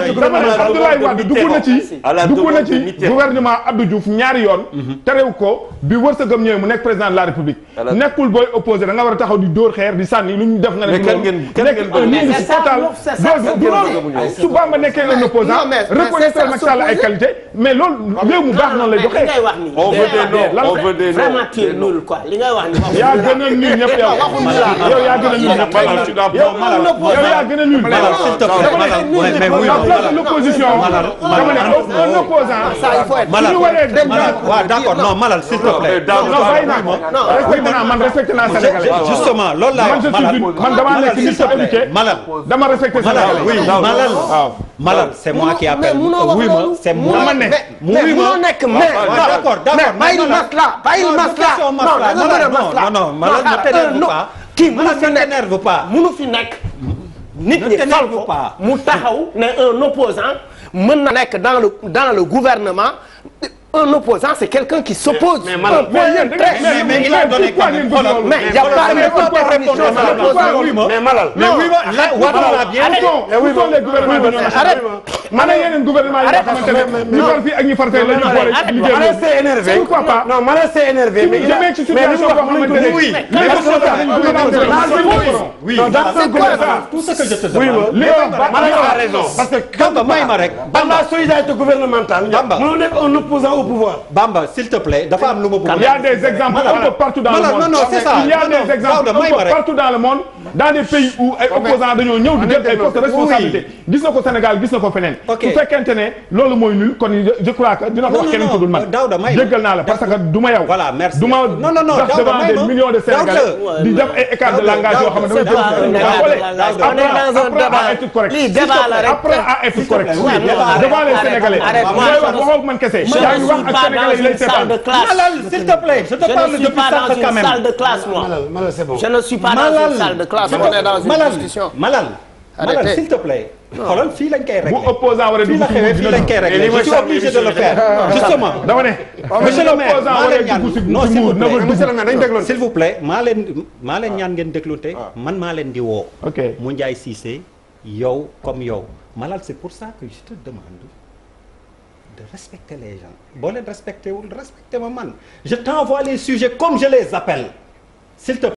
dama ne na ci dugg na ci ñaari yoon terew ko bi wërsëgam ñëwee mu nekk président la République nekkul booy opposé da nga war a taxaw di dóor xeer di sànni lu ñu def nga nekk nekk un ministre total du loolu su Bamba nekkee un opposant reconnaître Macky Sall ay qualité mais loolu réew mu baax noonu lay doxee yaa gën a nul ñëpp yow yow yaa gën a nul ñëpp yaa gën a nul place de l'opposition. Malal un opposant. ça il faut être. Malal waaw d'accord non Malal s'il te plaît. non bàyyi naa ko respecté naa man respecté naa Sénégalais. justement loolu laa wax Malal man damaa nekk ministre éduqué. Malal dama respecté Sénégalais. oui Malal waaw. Malal c'est moi qui appelle. oui ma c'est moi. ma nekk mais munoo nekk mais. d'accord d'accord bàyyi mas la bàyyi mas la non non non Malal ne t'énerve pas. kii mënu fi fi nekk. nit ñi fal ko mu taxaw ne un opposant mën na nekk dans le dans le gouvernement un opposant c'est quelqu'un qui s'oppose. mais mais mais mais mais il a donné quand même mais il y a pas de contradiction à l'opposition. mais Malal. mais oui ma la wala bien. mais oui ma arrête. ma ne yeneen gouvernement yi nga xamante ne ñu far fii ak ñu far fee la ñu boole ci liggéey boobu. Malal c'est énervé pourquoi pas. non Malal c'est énervé mais il a mais li mu wax mu ngi ko oui. mais parce que ça oui. non dans ce gouvernement tout ce que je te demande. oui ma Malal a raison. parce que Bamba may ma rek. Bamba solidarité gouvernementale. Bamba mënoo nekk un opposant au pouvoir. Bamba s'il te plaît dafa am lu ma. il y a des exemples un peu partout dans le monde non non c'est ça il y a des exemples un peu partout dans le monde dans des pays où ay opposants dañoo ñëw di jël ay postes de responsabilité gis na ko Sénégal gis na ko feneen. ok su fekkente ne loolu mooy nul kon je crois que dina ko wax keneen ku dul man. jéggal naa la parce que du ma yow. voilà merci di def ay écart de langage yoo xam ne dafay jëm wax ak sénégalais yi salle de classe Malal s'il te plaît je te parle depuis sànq quand salle de classe moi Malal c'est je ne suis pas dans une salle de classe on est Malal Malal s'il te plaît fii lañ koy régler fii la xewee fii lañ koy régler maa leen ah. ñaan ngeen déglu ah. man maa leen di woo ok mu Ndiaye Cissé yow comme yow Malal c'est pour ça que je demande de respecter les gens boo leen respecté wul respecté ma man je t'envoie les sujets comme je les appelle s'il te